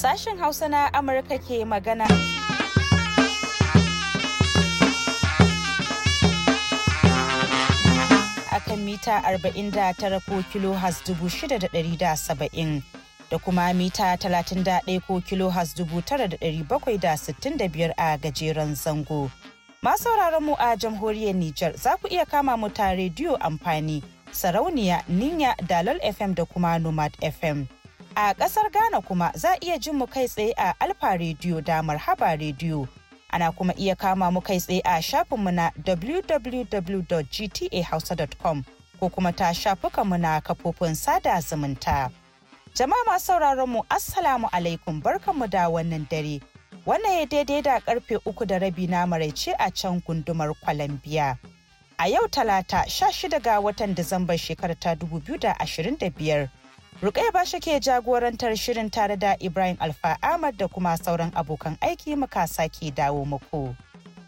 Sashen Hausa na Amurka ke magana. Akan mita 49 ko kilo has shida da kuma mita 31 ko kilo has 9,765 a gajeren zango. Masauraran mu a jamhuriyar Nijar za ku iya kama mu ta rediyo amfani, sarauniya, ninya, dalol FM da kuma Nomad FM. A ƙasar Ghana kuma za iya jin mu kai tsaye a Alfa Radio da Marhaba Radio. Ana kuma iya kama mu kai tsaye a shafinmu na www.gtahausa.com ko kuma ta shafukanmu na kafofin sada zumunta. Jama'a masu sauraron mu Assalamu alaikum barkanmu da wannan dare. Wannan ya daidai da karfe uku da rabi na maraice a can gundumar kwalambiya. A yau talata 16 ga watan Disambar shekarar ta 2025. Rukaya ba ke jagorantar shirin tare da Ibrahim Alfa Ahmad da kuma sauran abokan aiki muka sake dawo muku.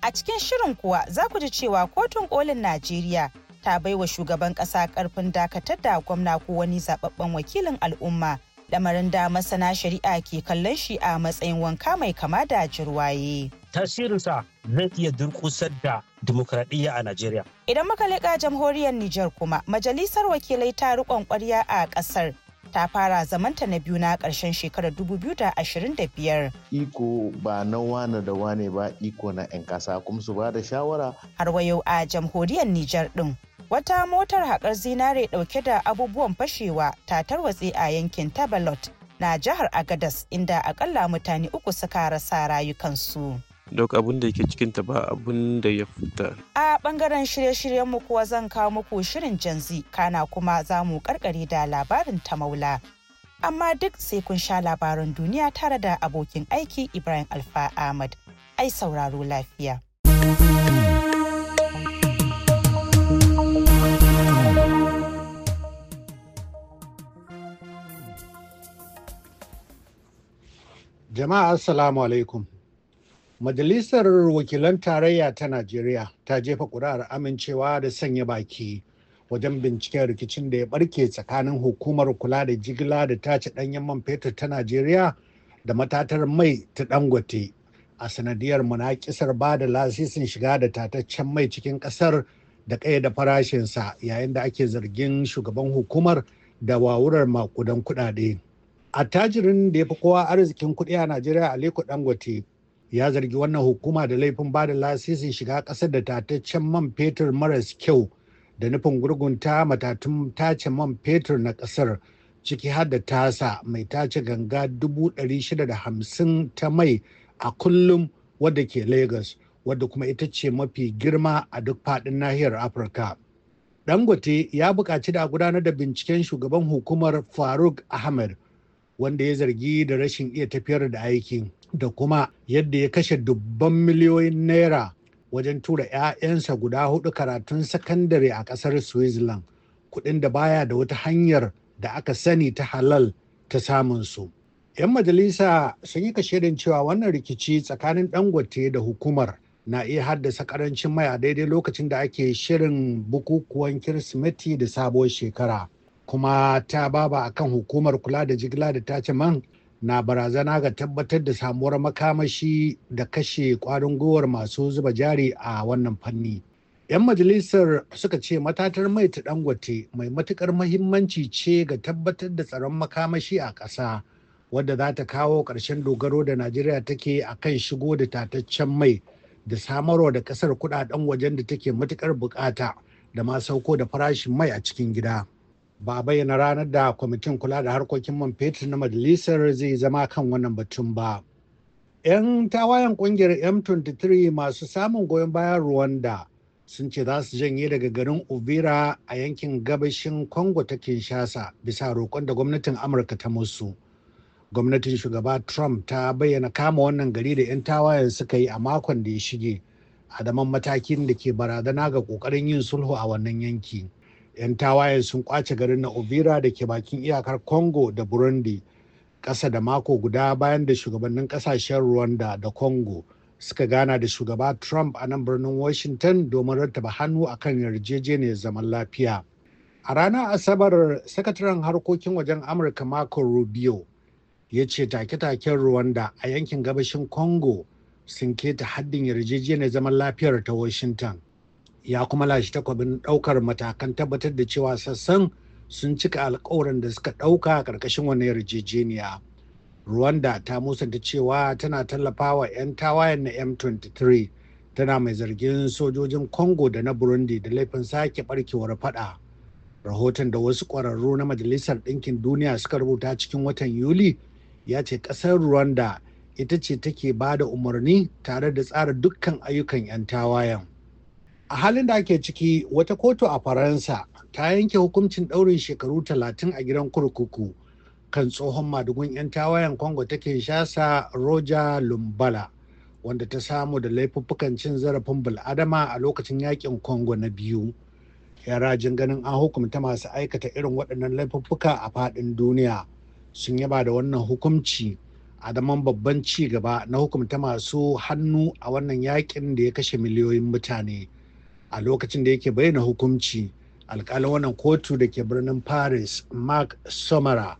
A cikin shirin kuwa za ku ji cewa kotun kolin Najeriya ta baiwa shugaban ƙasa ƙarfin dakatar da gwamna ko wani zababben wakilin al'umma lamarin da masana shari'a ke kallon shi a matsayin wanka mai kama da jirwaye. Tasirinsa zai iya durƙusar da dimokuraɗiyya a Najeriya. Idan muka leƙa jamhuriyar Nijar kuma majalisar wakilai ta riƙon ƙwarya a ƙasar ta fara zamanta na biyu na ƙarshen shekarar 2025. Iko ba na wane da wane ba iko na 'yan ƙasa kuma su ba da shawara. Har wayo a jamhuriyar Nijar ɗin. Wata motar haƙar zinare ɗauke da abubuwan fashewa ta tarwatse a yankin Tabalot na jihar Agadas inda akalla mutane uku suka rasa rayukansu. duk abin da yake cikinta ba abin da ya fita. A bangaren shirye-shiryen mu kuwa zan kawo muku shirin janzi kana kuma za mu karkare da labarin ta maula. Amma duk sai kun sha labaran duniya tare da abokin aiki Ibrahim Alfa Ahmad. Ai sauraro lafiya. Jama'a Assalamu alaikum. Majalisar Wakilan Tarayya ta Najeriya ta jefa ƙuri'ar amincewa da sanya baki wajen binciken rikicin da ya barke tsakanin hukumar kula da jigila da tace ɗanyen man fetur ta Najeriya da matatar mai ta Dangote a sanadiyar munakisar ba da lasisin shiga da tataccen mai cikin ƙasar da da farashinsa yayin da ake zargin shugaban hukumar da wawurar makudan kuɗaɗe. tajirin da ya fi kowa arzikin kuɗi a najeriya aliko dangote ya zargi wannan hukuma da laifin ba da lasisin shiga ƙasar da tataccen man fetur maras kyau da nufin gurgunta matatun tace man fetur na ƙasar ciki har da tasa mai tace ganga 650 ta mai a kullum wadda ke lagos wadda kuma ita ce mafi girma a duk faɗin nahiyar afirka dangote ya buƙaci da gudanar da binciken shugaban hukumar faruk ahmed wanda ya zargi da rashin iya tafiyar da aikin da kuma yadda ya kashe dubban miliyoyin naira wajen tura 'ya'yansa guda hudu karatun sakandare a kasar switzerland kudin da baya da wata hanyar da aka sani ta halal ta samun su. 'yan majalisa sun yi kashedin cewa wannan rikici tsakanin dangote da hukumar na iya haddasa karancin maya daidai lokacin da ake shirin bukukuwan kirsimeti da sabuwar shekara kuma ta baba kan hukumar kula da jigila da tace man na barazana ga tabbatar da samuwar makamashi da kashe kwarin gwiwar masu zuba jari a wannan fanni. 'Yan majalisar suka ce matatar mai ta dangote mai matukar mahimmanci ce ga tabbatar da tsaron makamashi a ƙasa wadda za ta kawo ƙarshen dogaro da Najeriya take a kan shigo da tataccen mai da samarwa da ƙasar kudaden wajen da take matukar bukata da ma sauko da farashin mai a cikin gida. ba bayyana ranar da kwamitin kula da harkokin man fetur na majalisar zai zama kan wannan batun ba. 'Yan tawayen kungiyar M23 masu samun goyon bayan Rwanda sun ce za su janye daga garin Uvira a yankin gabashin Congo ta Kinshasa bisa roƙon da gwamnatin Amurka ta musu. Gwamnatin shugaba Trump ta bayyana kama wannan gari da 'yan tawayen suka yi a makon da ya shige a daman matakin da ke barazana ga ƙoƙarin yin sulhu a wannan yanki. 'yan tawaye sun kwace garin na ovira da ke bakin iyakar congo da burundi ƙasa da mako guda bayan da shugabannin ƙasashen rwanda da congo suka gana da shugaba trump a nan birnin washington domin rattaba hannu akan yarjejeniyar zaman lafiya a ranar asabar sakataren harkokin wajen amurka marco rubio ya ce take-taken rwanda a yankin gabashin congo sun keta haddin yarjejeniyar zaman lafiyar ta washington ya kuma lashe takwabin ɗaukar matakan tabbatar da cewa sassan sun cika alkawarin da suka ɗauka ƙarƙashin wani yarjejeniya. Rwanda ta musanta cewa tana tallafawa 'yan tawayen na M23 tana mai zargin sojojin Congo da na Burundi da laifin sake barkewar fada. Rahoton da wasu ƙwararru na Majalisar Ɗinkin Duniya suka rubuta cikin watan Yuli ya ce ƙasar Rwanda ita ce take ba da umarni tare da tsara dukkan ayyukan 'yan tawayen. a halin da ake ciki wata kotu a faransa ta yanke hukuncin ɗaurin shekaru talatin a gidan kurkuku kan tsohon madugun 'yan tawayen congo take shasa roja lumbala wanda ta samu da laifuffukan cin zarafin bil'adama a lokacin yakin congo na biyu ya rajin ganin an hukumta masu aikata irin waɗannan laifuffuka a faɗin duniya sun yaba da wannan hukumci a daman babban ci gaba na hukumta masu hannu a wannan yakin da ya kashe miliyoyin mutane. a lokacin da yake bayyana hukunci alkalin wannan kotu da ke birnin paris mark somara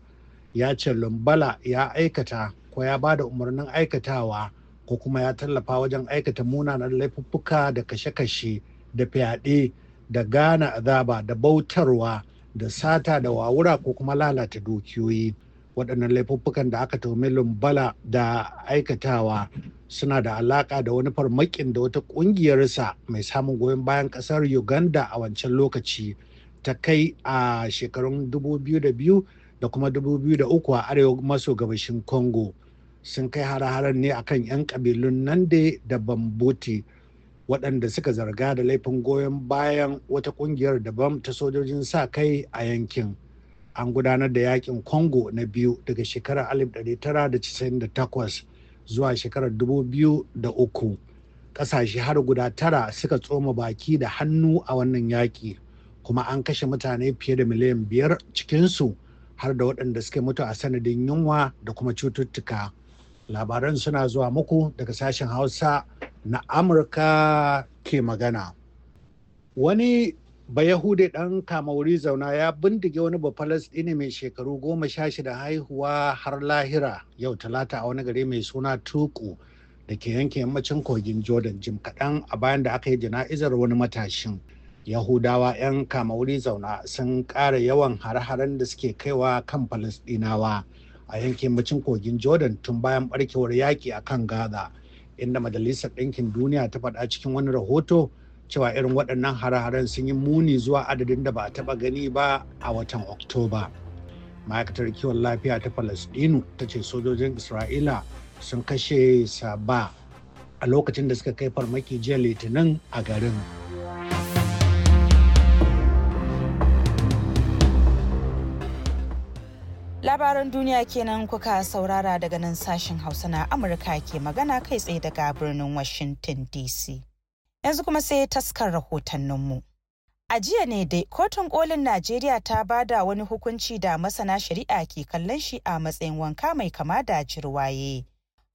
ya ce lumbala ya aikata ko ya ba da umarnin aikatawa ko kuma ya tallafa wajen aikata munanan laifuffuka da kashe-kashe da fyaɗe da gana azaba da bautarwa da sata da wawura ko kuma lalata dukiyoyi waɗannan laifuffukan da aka tuhumi lumbala da aikatawa suna da alaka da wani farmakin da wata ƙungiyarsa mai samun goyon bayan ƙasar uganda a wancan lokaci ta kai a shekarun 2002 da kuma 2003 a arewa maso gabashin congo sun kai har haren ne akan 'yan kabilun nande da bambuti waɗanda suka zarga da laifin goyon bayan wata ƙungiyar daban ta sojojin sa kai a yankin an gudanar da yakin congo na biyu daga shekarar 1998 zuwa shekarar 2003 ƙasashe har guda tara suka tsoma baki da hannu a wannan yaƙi kuma an kashe mutane fiye da miliyan biyar cikinsu har da waɗanda suka mutu a sanadin yunwa da kuma cututtuka labaran suna zuwa muku daga sashen hausa na amurka ke magana wani bayahude dan kamauri zauna ya bindige wani bafalastini mai shekaru goma sha shida haihuwa har lahira yau talata a wani gari mai suna tuku da ke yanke yammacin kogin jordan jim kaɗan a bayan da aka yi jana'izar wani matashin yahudawa 'yan kamauri zauna sun ƙara yawan har haren da suke kaiwa kan falasɗinawa a yanke yammacin kogin jordan tun bayan barkewar yaƙi a kan gaza inda majalisar ɗinkin duniya ta faɗa cikin wani rahoto cewa irin waɗannan hare-haren sun yi muni zuwa adadin da ba a taɓa gani ba a watan oktoba ma'aikatar kiwon lafiya ta falasdinu ta ce sojojin isra'ila sun kashe saba a lokacin da suka kai farmaki jiya litinin a garin labaran duniya kenan kuka saurara daga nan sashen hausa na amurka ke magana kai tsaye daga birnin washington dc yanzu kuma sai taskar rahotanninmu. A jiya ne dai kotun kolin Najeriya ta bada wani hukunci da masana shari'a ke kallon shi a matsayin wanka mai kama da jirwaye.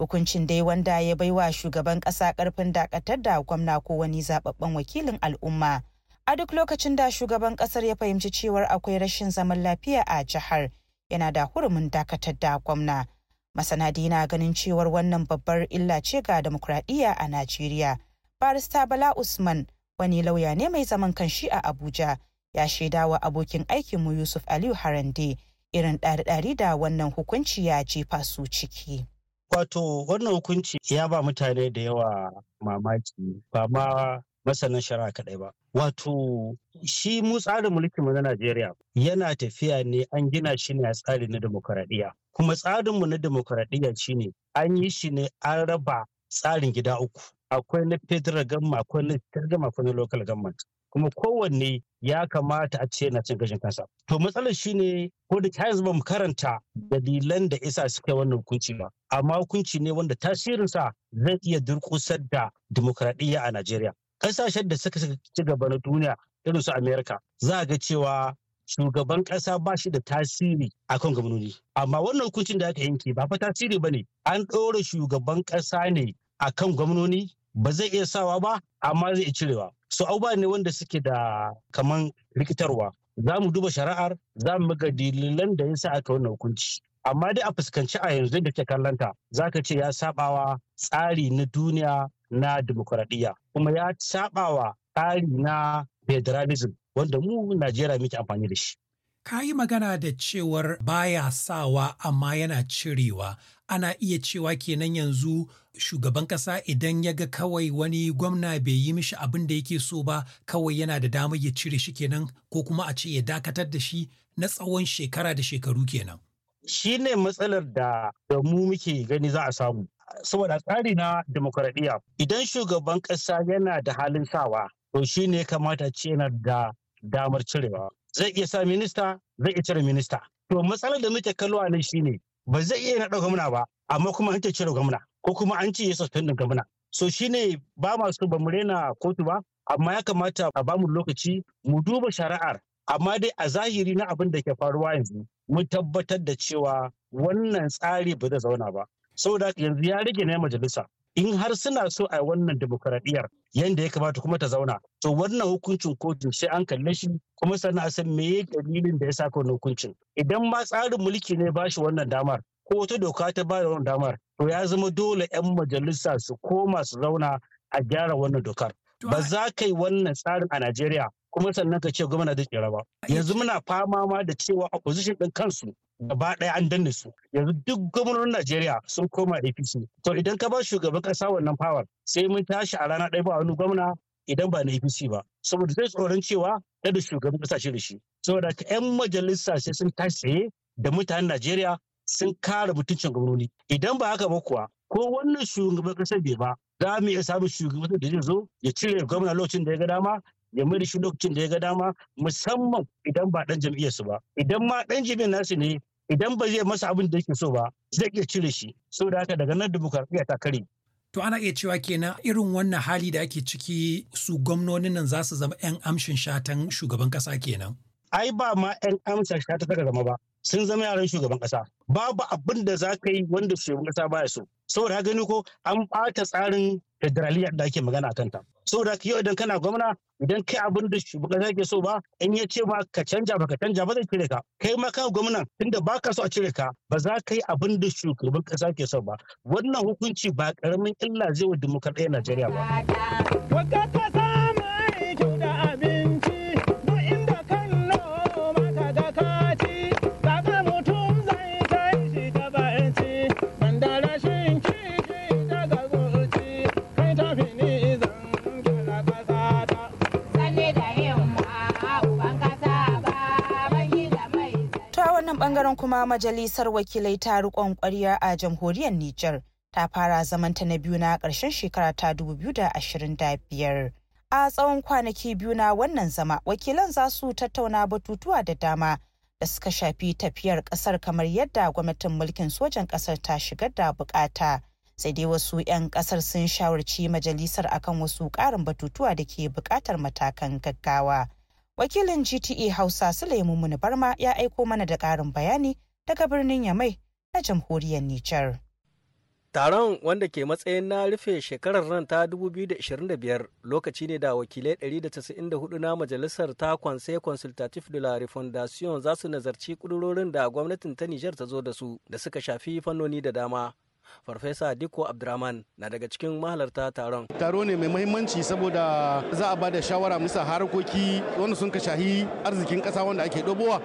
Hukuncin dai wanda ya baiwa shugaban ƙasa ƙarfin dakatar da gwamna ko wani zababben wakilin al'umma. A duk lokacin da shugaban ƙasar ya fahimci cewar akwai rashin zaman lafiya a jihar yana da hurumin dakatar da gwamna. Masana dai ganin cewar wannan babbar illa ce ga dimokuraɗiyya a Najeriya. barista Bala Usman wani lauya ne mai zaman kanshi a Abuja ya shaidawa abokin aikin mu Yusuf Aliyu Harande irin ɗari-ɗari da wannan hukunci ya jefa su ciki. Wato wannan hukunci ya ba mutane da yawa mamaki ba ma masanin shari'a kaɗai ba. Wato shi mu tsarin mulkin mu na Najeriya yana tafiya ne an gina shi ne a tsari na demokaradiyya Kuma tsarinmu na demokaradiyya shi ne an yi shi ne an raba tsarin gida uku akwai na federal government akwai na state government akwai na local government kuma kowanne ya kamata a ce yana cin gashin kansa to matsalar shi ne, ko da yanzu ba mu karanta dalilan da isa suka wannan hukunci ba amma hukunci ne wanda tasirinsa zai iya durƙusar da dimokuraɗiyya a Najeriya Ƙasashen da suka ci gaba na duniya irin su Amerika za a ga cewa shugaban ƙasa ba shi da tasiri a kan gwamnoni amma wannan hukuncin da aka yanke ba fa tasiri ba ne an ɗora shugaban ƙasa ne a kan gwamnoni ba zai iya sawa ba amma zai iya cirewa so abubuwa ne wanda suke da kaman rikitarwa za mu duba shari'ar za mu ga dalilan da ya sa aka wannan hukunci amma dai a fuskanci a yanzu da ke kallanta za ka ce ya sabawa tsari na duniya na demokuraɗiyya kuma ya sabawa tsari na federalism wanda mu Najeriya muke amfani da shi. Ka yi magana da cewar baya sawa amma yana cirewa. Ana iya cewa kenan yanzu shugaban ƙasa idan ya ga kawai wani gwamna bai yi mishi abin da yake so ba kawai yana da damar ya cire shi kenan ko kuma a ce ya dakatar da shi na tsawon shekara da shekaru kenan. Shi ne matsalar da mu muke gani za a samu. Saboda tsari na demokuraɗiyya idan shugaban ƙasa yana da halin sawa to shi ne kamata ce yana da damar cirewa zai iya sa minista zai iya cire minista to matsalar da muke kallo a nan shine ba zai iya naɗa gwamna ba amma kuma an ce cire gwamna ko kuma an ce ya suspendin gwamna so shine ba masu ba mu rena kotu ba amma ya kamata a bamu lokaci mu duba shari'ar amma dai a zahiri na abin da ke faruwa yanzu mu tabbatar da cewa wannan tsari ba zai zauna ba saboda yanzu ya rage na majalisa in har suna so a wannan demokuraɗiyar yadda ya kamata kuma ta zauna to wannan hukuncin kotun sai an kalle shi kuma sannan a san meye dalilin da ya sa wannan hukuncin idan ma tsarin mulki ne ba shi wannan damar ko wata doka ta ba da wannan damar to ya zama dole 'yan majalisa su koma su zauna a gyara wannan dokar ba za ka yi wannan tsarin a Najeriya kuma sannan ka ce gwamna da tsira ba yanzu muna fama ma da cewa opposition din kansu gaba ɗaya an danne su yanzu duk gwamnonin Najeriya sun koma APC to idan ka ba shugaban kasa wannan power sai mun tashi a rana ɗaya ba wani gwamna idan ba na APC ba saboda zai tsoron cewa da shugaban kasa shi da shi saboda ka yan majalisa sai sun tashi tsaye da mutanen Najeriya sun kare mutuncin gwamnoni idan ba haka ba kuwa ko wannan shugaban kasa bai ba za mu iya samun shugaban da zai zo ya cire gwamna lokacin da ya ga dama ya mai da shi lokacin da ya ga dama musamman idan ba dan su ba idan ma dan jam'iyyar nasu ne idan ba zai masa abin da yake so ba zai iya cire shi saboda haka daga nan dimokuraɗiyya ta kare To ana iya cewa kenan irin wannan hali da ake ciki su gwamnonin nan za su zama 'yan amshin shatan shugaban kasa kenan. Ai ba ma 'yan amshin shata daga zama ba, sun zama yaran shugaban kasa. Babu abin da za ka yi wanda shugaban kasa baya so. Saboda ha gani ko an ɓata tsarin federaliyar da ake magana a kanta. da yau idan kana gwamna idan kai abin da shugaban ke so ba in ya ce ma ka canja ba ka canja ba zai cire ka kai ma ka gwamna tunda ka so a cire ka ba za ka yi abin da shugaban kasa ke so ba wannan hukunci ba karamin illa zai wa dimokuraɗiyyar Najeriya ba. bangaren kuma majalisar wakilai ta rikon kwarya a jamhuriyar Nijar ta fara zamanta na biyu na ƙarshen shekara ta 2025. A tsawon kwanaki biyu na wannan zama wakilan za su tattauna batutuwa da dama da suka shafi tafiyar ƙasar kamar yadda gwamnatin mulkin sojan ƙasar ta shigar da bukata. Sai dai wasu 'yan ƙasar sun shawarci majalisar akan wasu ƙarin batutuwa da ke buƙatar matakan gaggawa. wakilin gta hausa sulaimu munibarma ya aiko mana da ƙarin bayani daga birnin yamai na jamhuriyar nijar taron wanda ke matsayin na rufe shekarar nan ta 2025 lokaci ne da wakilai 194 na majalisar ta conseil consultatif de la refondation za su nazarci kudurorin da gwamnatin ta nijar ta zo da su da suka shafi fannoni da dama Farfesa Diko Abdurrahman na daga cikin mahalarta taron. Taro ne mai mahimmanci saboda za a ba da shawara musa harkoki wanda sun ka shahi arzikin ƙasa wanda ake dobowa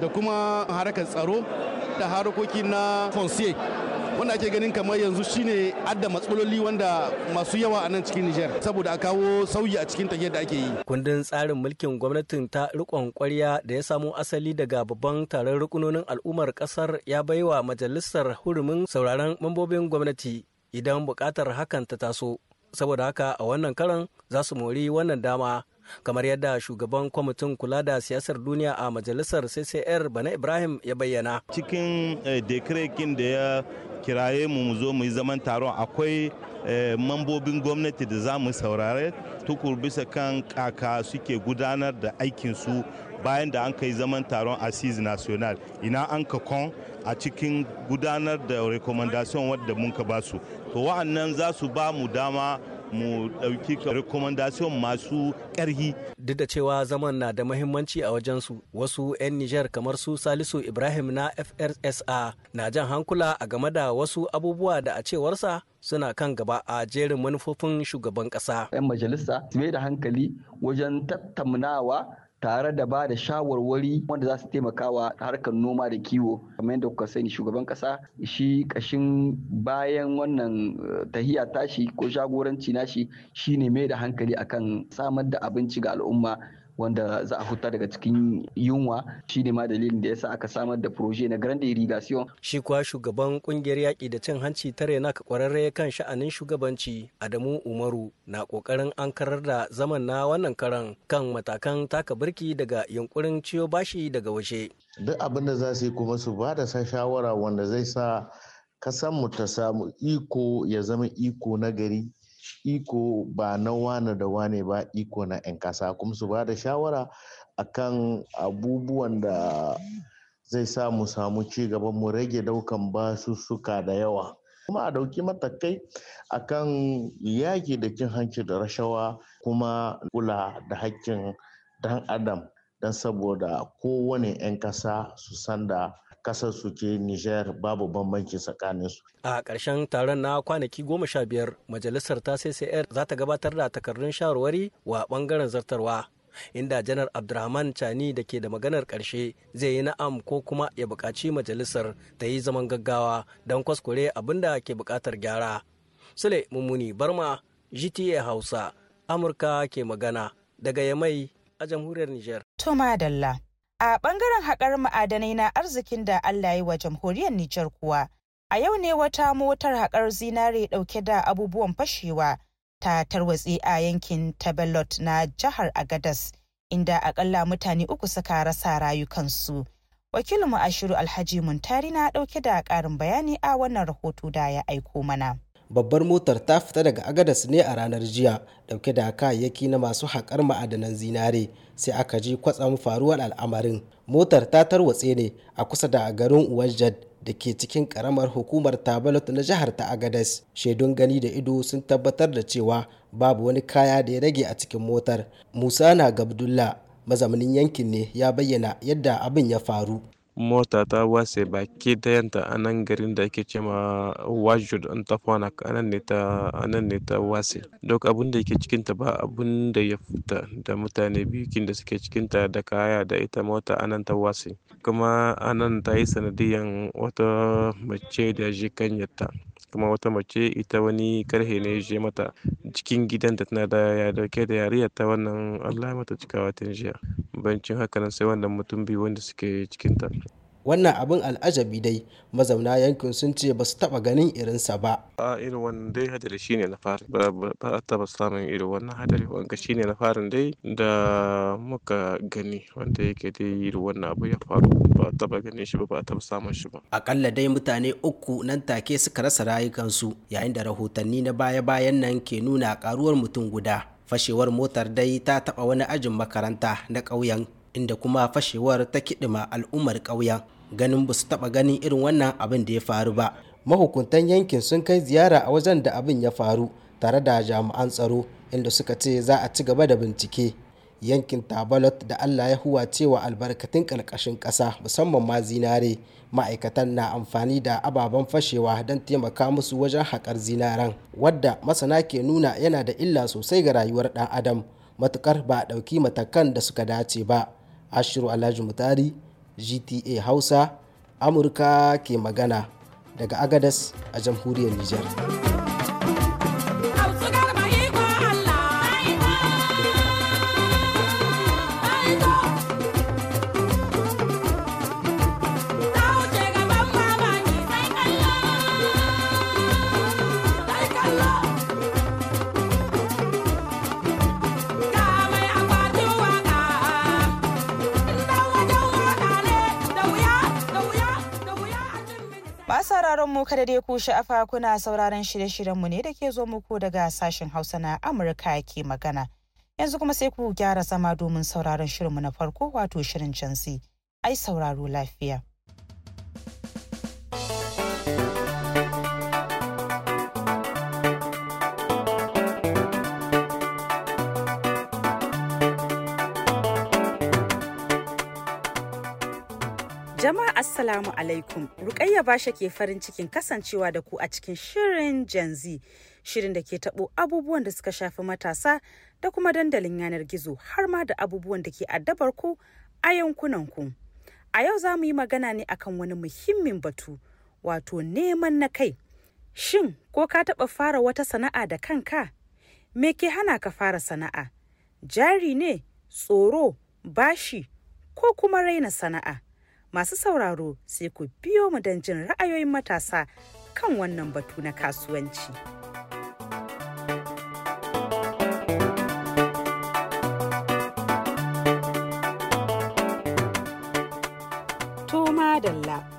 da kuma harkar tsaro da harkoki na fonsiye wanda ake ganin kamar yanzu shine adda matsaloli wanda masu yawa a nan cikin Nijar saboda a kawo sauyi a cikin tafiyar da ake yi. Kundin tsarin mulkin gwamnatin ta rikon kwarya da ya samo asali daga babban taron rukunonin al'ummar kasar ya baiwa majalisar hurumin sauraron mambobin gwamnati idan bukatar hakan ta taso. Saboda haka a wannan karan za su mori wannan dama kamar yadda shugaban kwamitin kula da siyasar duniya a majalisar ccr bana ibrahim ya bayyana cikin eh, dekrekin da ya kiraye mu mu zo mu yi zaman taron akwai eh, mambobin gwamnati da za mu saurare tukur bisa kan kaka suke gudanar da aikinsu bayan da an kai zaman taron assis national ina an ka kon a cikin gudanar da recommendation wadda mun ka basu to wa'annan za su ba mu dama mu ɗauki recommendation masu ƙarhi. Duk da cewa zaman na da mahimmanci a wajensu, wasu 'yan Nijar kamar su Salisu Ibrahim na FRSA na jan hankula a game da wasu abubuwa da a cewarsa suna kan gaba a jerin manufofin shugaban ƙasa. 'Yan majalisa su da hankali wajen tattaunawa tare da ba da shawarwari wanda za su taimaka wa harkar noma da kiwo kamar yadda kuka sani shugaban kasa shi kashin bayan wannan eh, tahiya tashi ko jagoranci nashi shine mai da hankali akan samar da abinci ga al'umma wanda za a huta daga cikin yunwa shi ne ma dalilin da ya sa aka samar da proje na grande irrigation shi kuwa shugaban kungiyar yaƙi da cin hanci ta rena kwararre kan sha'anin shugabanci adamu umaru na kokarin an karar da zaman na wannan karan kan matakan taka birki daga yunkurin ciyo bashi daga waje duk abin da za su yi kuma su ba da shawara wanda zai sa kasanmu ta samu iko ya zama iko na gari iko ba na wane da wane ba iko na 'yan kasa kuma su ba da shawara akan abubuwan da zai sa mu samu ci gaba mu rage daukan basussuka da yawa kuma a dauki matakai akan yaki da cin hanci da rashawa kuma kula da hakkin dan adam don saboda kowane 'yan kasa su sanda kasar su ce Niger babu bambanci tsakanin su. A ƙarshen taron na kwanaki goma sha biyar majalisar ta CCR za ta gabatar da takardun shawarwari wa ɓangaren zartarwa. Inda janar Abdurrahman Chani da ke da maganar ƙarshe zai yi na'am ko kuma ya buƙaci majalisar ta yi zaman gaggawa don kwaskure abin da ke buƙatar gyara. Sule Mummuni Barma, GTA Hausa, Amurka ke magana daga Yamai a jamhuriyar Nijar. Toma Dalla. A ɓangaren haƙar ma'adanai na arzikin da Allah ya yi wa jamhuriyar Nijar kuwa, a yau ne wata motar haƙar zinare ɗauke da abubuwan fashewa ta tarwatse a yankin Tabelot na jihar Agadas, inda akalla mutane uku suka rasa rayukansu. Wakilinmu Ashiru Alhaji Muntari na ɗauke da ƙarin bayani a wannan rahoto da ya aiko mana. babbar motar ta fita daga agadas ne a ranar jiya dauke da kayayyaki na masu haƙar ma'adanan zinare sai aka ji kwatsam faruwar al'amarin motar ta tarwatse ne a kusa da garin uwajjad da ke cikin karamar hukumar tabalot na jihar ta agadas shaidun gani da ido sun tabbatar da cewa babu wani kaya da ya rage a cikin motar musa na Gabdulla mazaunin yankin ne ya bayyana yadda abin ya faru mota ta watse baki dayanta a nan garin da ake ce ma wajud an tafanak a ne ta a nan ne ta watse duk abun da yake cikinta ba abun da ya fita da mutane biyu da suke cikinta da kaya da ita mota anan ta watse kuma anan ta yi sanadiyan wata mace da jikanyarta kuma wata mace ita wani karhe ne je mata cikin gidanta tana da ya dauke da yariya ta wannan allah mata cikawa tun jiya bancin hakanan sai wannan mutum biyu wanda suke cikinta wannan abin al'ajabi dai mazauna yankin sun ce ba su taba ganin sa ba a irin wannan dai hadari shine na fari ba a taba samun irin wannan hadari wanka shine na farin dai da muka gani wanda yake dai irin wannan abu ya faru ba a taba ganin shi ba ba a taba samun shi ba akalla dai mutane uku nan take suka rasa rayukansu yayin da rahotanni na baya-bayan nan ke nuna karuwar mutum guda fashewar motar dai ta taba wani ajin makaranta na ƙauyen inda kuma fashewar ta kiɗima al'ummar ƙauyen ganin ba su taɓa ganin irin wannan abin da ya faru ba mahukuntan yankin sun kai ziyara a wajen da abin ya faru tare da jami'an tsaro inda suka ce za a ci gaba da bincike yankin tabalot da allah ya huwa cewa albarkatun ƙarƙashin ƙasa musamman ma zinare ma'aikatan na amfani da ababen fashewa don taimaka musu wajen haƙar zinaren wadda masana ke nuna yana da illa sosai ga rayuwar ɗan adam matukar ba a ɗauki matakan da suka dace ba ashiru alhaji mutari gta hausa amurka ke magana daga agadas a jamhuriyar nijar. sauraron mu kada dai ku sha'afa kuna sauraron shirye-shiryen mu ne da ke zo muku daga sashen Hausa na Amurka ke magana. Yanzu kuma sai ku gyara zama domin sauraron shirinmu na farko wato shirin cansi. Ai sauraro lafiya. Jama'a Assalamu alaikum. Rukayya Basha ke farin cikin kasancewa da ku a cikin shirin janzi, shirin da ke tabo abubuwan da suka shafi matasa da kuma dandalin yanar gizo har ma da abubuwan da ke addabar ku a yankunan ku. A yau za mu yi magana ne akan wani muhimmin batu, wato neman na kai. Shin ko ka taɓa fara wata sana'a da kanka? Me ke hana ka fara sana'a? Jari ne, tsoro, bashi, ko kuma raina sana'a? masu sauraro sai ku biyo mu don jin ra'ayoyin matasa kan wannan batu na kasuwanci. To madalla.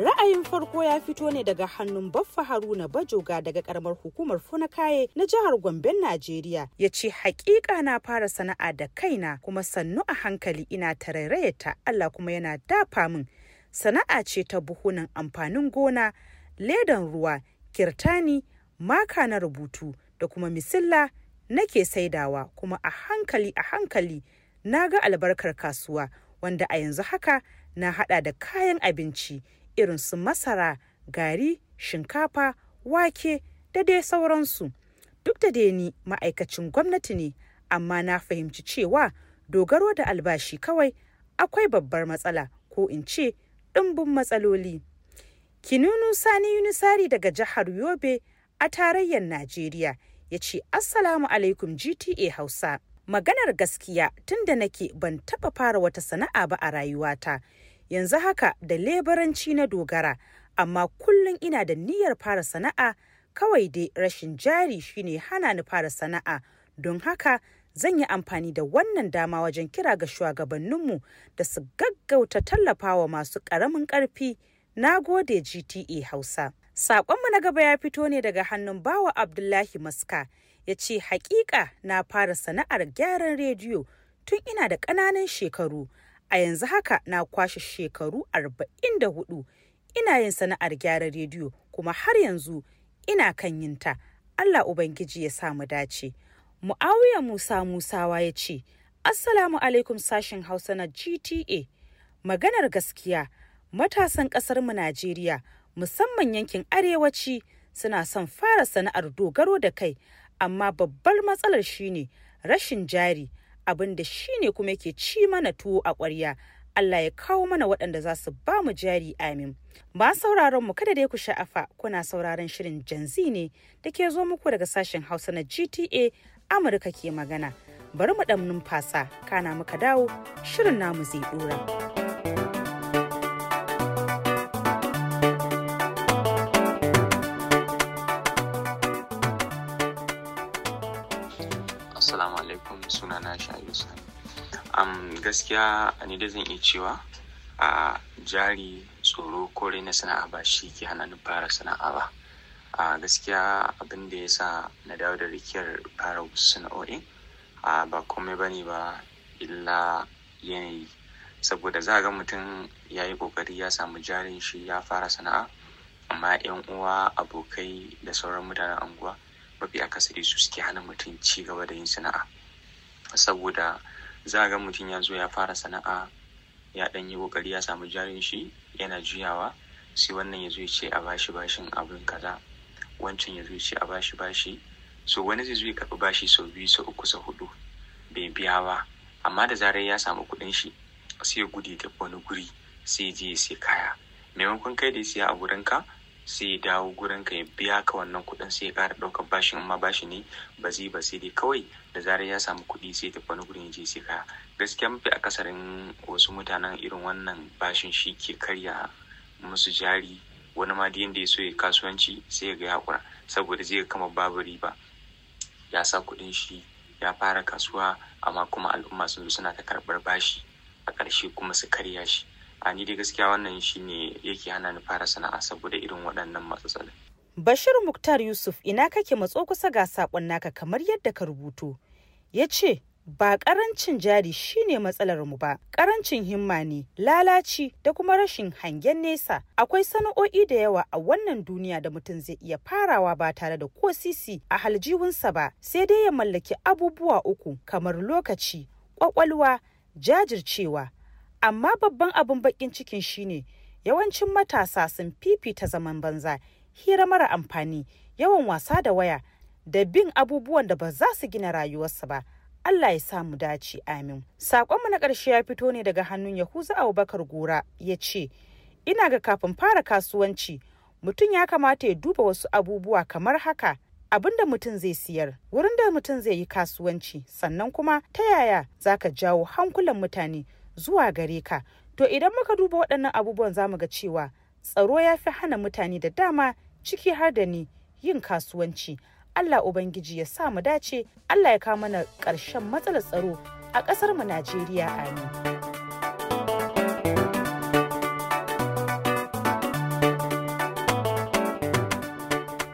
Ra'ayin farko ya fito ne daga hannun Baffa Haruna Bajoga daga karamar hukumar Funakaye na jihar Gomben Najeriya. Ya ce hakika na fara sana'a da kaina kuma sannu a hankali ina tarairayata Allah kuma yana dafa min. Sana'a ce ta buhunan amfanin gona, ledan ruwa, kirtani, maka na rubutu da kuma misilla nake saidawa kuma a hankali a hankali na ga albarkar kasuwa wanda a yanzu haka na hada da kayan abinci irin su masara gari shinkafa wake da dai sauransu duk da dai ni ma'aikacin gwamnati ne amma na fahimci cewa dogaro da albashi kawai akwai babbar matsala ko in ce ɗimbin matsaloli kinunu sani yunisari daga jihar yobe a tarayyar najeriya ya ce assalamu alaikum gta hausa maganar gaskiya tun da nake ban taɓa fara wata sana'a ba a rayuwata yanzu haka da lebaranci na dogara amma kullum ina da niyyar fara sana'a kawai dai rashin jari shine hana ni fara sana'a don haka zan yi amfani da wannan dama wajen kira ga shugabanninmu da su gaggauta tallafawa masu ƙaramin ƙarfi na gode gta hausa saƙonmu na gaba ya fito ne daga hannun bawa abdullahi maska ya ce haƙiƙa na fara sana'ar gyaran rediyo tun ina da ƙananan shekaru A yanzu haka na kwashe shekaru arba'in da hudu ina yin sana'ar gyara rediyo kuma har yanzu ina kan yin ta. Allah Ubangiji ya samu dace. Mu'awiya Musa Musawa ya ce, Assalamu alaikum sashen Hausa na GTA. Maganar gaskiya, matasan ƙasarmu Najeriya, musamman yankin Arewaci, suna son fara sana'ar dogaro da kai, amma babbar matsalar shine rashin jari. abin da shi ne kuma yake ci mana tuwo a ƙwarya Allah ya kawo mana waɗanda za su ba mu jari amin. Ba sauraron mu kada dai ku sha'afa kuna sauraron shirin janzi ne da ke zo muku daga sashen Hausa na GTA Amurka ke magana. Bari mu ɗan numfasa kana muka dawo shirin namu zai ɗora. suna na yusa um, gaskiya ni da zan iya cewa a jari tsoro ko na sana'a ba shi ke hana ni fara sana'a ba a gaskiya abin da ya sa na dawo da rikiyar fara sana'o'i a ba komai ba ne ba illa yanayi saboda za a ga mutum ya yi kokari ya samu jarin shi ya fara sana'a amma yan uwa abokai da sauran mutanen anguwa mafi akasari su suke hana mutum ci gaba da yin sana'a saboda za a ga mutum ya zo ya fara sana'a ya ɗan yi ƙoƙari ya samu jarin shi yana juyawa sai wannan ya zo ce a bashi bashin abin kaza wancan ya zo ce a bashi bashi so wani zai zo ya karɓi bashi sau biyu sau uku sau hudu bai biya ba amma da zarar ya samu kuɗin shi sai ya gude tafi wani guri sai ya je ya sai kaya maimakon kai da ya siya a gurinka sai ya dawo gurin ka ya biya ka wannan kuɗin sai ya ƙara ɗaukar bashin amma bashi ne ba zai ba sai dai kawai da zarar ya samu kuɗi sai tafi gurin ya je sai ka gaskiya mafi akasarin wasu mutanen irin wannan bashin shi ke karya musu jari wani ma da ya so ya kasuwanci sai ya ga ya saboda zai kama babu riba ya sa kuɗin shi ya fara kasuwa amma kuma al'umma sun zo suna ta karɓar bashi a ƙarshe kuma su karya shi a ni dai gaskiya wannan shi ne yake hana ni fara sana'a saboda irin waɗannan matsalolin Bashir Muktar Yusuf ina kake matso kusa ga sakon naka kamar yadda ka rubuto ya ce ba ƙarancin jari shine matsalar mu ba ƙarancin himma ne lalaci da kuma rashin hangen nesa akwai sana'o'i da yawa a wannan duniya da mutum zai iya farawa ba tare da ko sisi a haljiwunsa ba sai dai ya mallaki abubuwa uku kamar lokaci kwakwalwa jajircewa Amma babban abin bakin cikin shine yawancin matasa sun fifita zaman banza, hira mara amfani, yawan wasa da waya, da bin abubuwan da ba za su gina rayuwarsa ba. Allah ya sa mu dace amin. Saƙonmu na ƙarshe ya fito ne daga hannun Yahuza Abubakar Gora ya ce, Ina ga kafin fara kasuwanci, mutum ya kamata ya duba wasu abubuwa kamar haka. abin da mutum zai siyar wurin da mutum zai yi kasuwanci sannan kuma ta yaya za ka jawo hankulan mutane zuwa gare ka to idan muka duba waɗannan abubuwan za mu ga cewa tsaro ya fi hana mutane da dama ciki har da ni yin kasuwanci Allah Ubangiji ya sa mu dace Allah ya kawo mana ƙarshen matsalar tsaro a ƙasar mu Najeriya amin.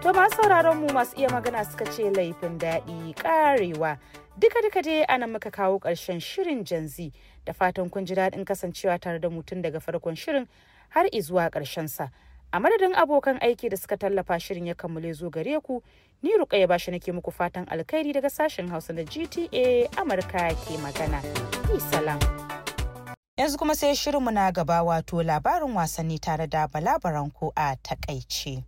To masu sauraron mu masu iya magana suka ce laifin daɗi ƙarewa duka duka dai anan muka kawo ƙarshen shirin janzi da fatan kun ji daɗin kasancewa tare da mutum daga farkon shirin har izuwa ƙarshen sa a madadin abokan aiki da suka tallafa shirin ya kammale zo gare ku ni ruka ya bashi nake muku fatan alkhairi daga sashen hausa da gta amurka ke magana salam yanzu kuma sai shirinmu na gaba wato labarin wasanni tare da bala baranko a takaice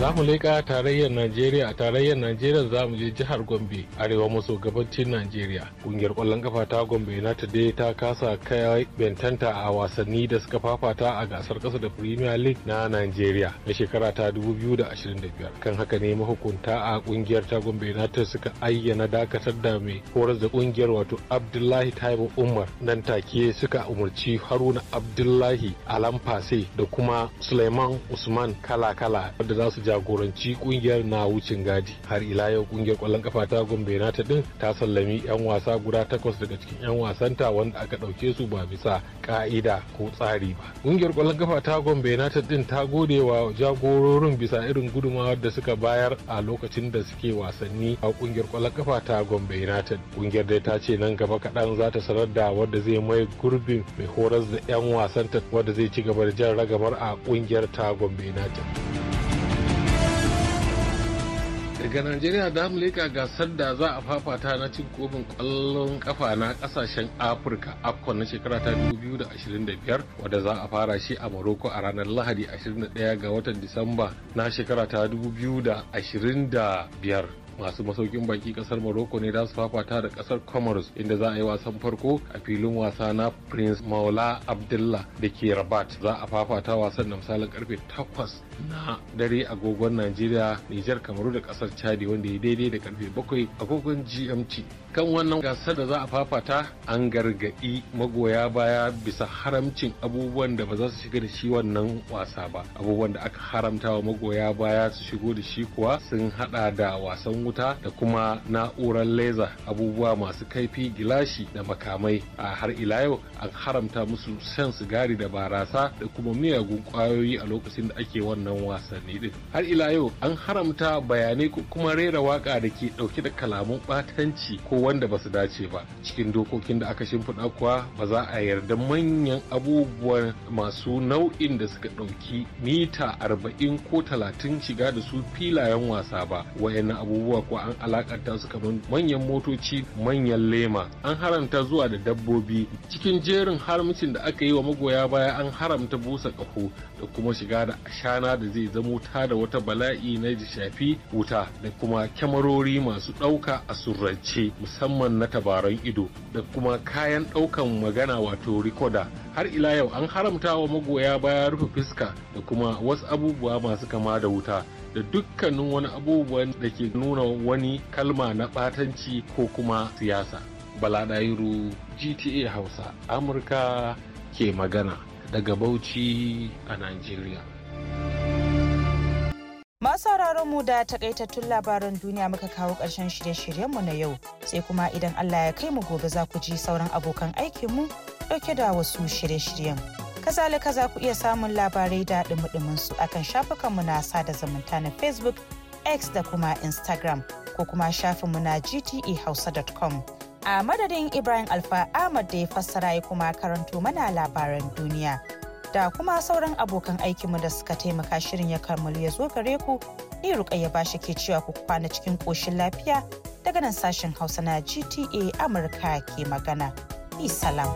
za mu leƙa tarayyar najeriya a tarayyar najeriya za mu je jihar gombe arewa maso gabacin najeriya ƙungiyar ƙwallon kafa ta gombe united dai ta kasa kai bentanta a wasanni da suka fafata a gasar ƙasa da premier league na najeriya na shekara ta biyar. kan haka ne mahukunta a ƙungiyar ta gombe united suka ayyana dakatar da mai horar da ƙungiyar wato abdullahi taibu umar nan take suka umarci haruna abdullahi alamfase da kuma suleiman usman kala kala wadda za su jagoranci kungiyar na wucin gadi har ila yau kungiyar kwallon kafa ta gombe nata din ta sallami yan wasa guda takwas daga cikin yan wasanta wanda aka dauke su ba bisa ka'ida ko tsari ba kungiyar kwallon kafa ta gombe nata din ta gode wa jagororin bisa irin gudumawar da suka bayar a lokacin da suke wasanni a kungiyar kwallon kafa ta gombe united kungiyar dai ta ce nan gaba kaɗan za ta sanar da wanda zai mai gurbin mai horas da 'yan wasanta wanda zai ci gaba da jan ragamar a kungiyar ta gombe united daga najeriya da amurka gasar da za a fafata na cin kofin kwallon kafa na kasashen afirka afcon na shekara ta 2025 wadda za a fara shi a morocco a ranar lahadi 21 ga watan disamba na shekara ta 2025 masu masaukin baki kasar Morocco ne za su fafata da kasar Comoros inda za a yi wasan farko a filin wasa na Prince Maula Abdullah da ke Rabat za a fafata wasan da misalin karfe 8 na dare agogon Najeriya, Nijar, Kamaru da kasar Chadi wanda ya daidai da karfe 7 agogon GMT. Kan wannan gasar da za a fafata an gargadi magoya baya bisa haramcin abubuwan da ba za su shiga da shi wannan wasa ba. Abubuwan da aka haramta wa magoya baya su shigo da shi kuwa sun hada da wasan wuta da kuma na'urar leza abubuwa masu kaifi gilashi da makamai a har ila yau an haramta musu shan sigari da barasa da kuma miyagun kwayoyi a lokacin da ake wannan wannan wasanni din har ila yau an haramta bayanai ko kuma rera waka da ke ɗauke da kalamun batanci ko wanda ba su dace ba cikin dokokin da aka shimfiɗa kuwa ba za a yarda manyan abubuwan masu nau'in da suka ɗauki mita arba'in ko talatin shiga da su filayen wasa ba wayannan abubuwa ko an alakanta su kamar manyan motoci manyan lema an haramta zuwa da dabbobi cikin jerin haramcin da aka yi wa magoya baya an haramta busa ƙaho da kuma shiga da ashana da zai zamo da wata bala'i na shafi wuta da kuma kyamarori masu ɗauka a surrance musamman na tabaran ido da kuma kayan ɗaukan magana wato rikoda har ila yau an haramta wa magoya baya rufe fuska da kuma wasu abubuwa masu kama da wuta da dukkanin wani abubuwan da ke nuna wani kalma na ɓatanci ko kuma siyasa. Bala GTA Hausa Amurka ke magana daga Bauchi a Najeriya. mu da takaitattun labaran duniya muka kawo ƙarshen shirye-shiryenmu na yau sai kuma idan Allah ya kai mu gobe za ku ji sauran abokan aikinmu ɗauke da wasu shirye-shiryen. Kazalika za ku iya samun labarai da ɗumi su akan shafukanmu na sada zumunta na Facebook, X da kuma Instagram ko kuma shafinmu na gtehausa.com. A madadin Ibrahim Alfa Ahmad da ya fassara ya kuma karanto mana labaran duniya. da kuma sauran abokan aikinmu da suka taimaka shirin ya kammalu ya zo gare ku ni ya bashi ke cewa ku kwana cikin ƙoshin lafiya daga nan sashen hausa na gta amurka ke magana salam.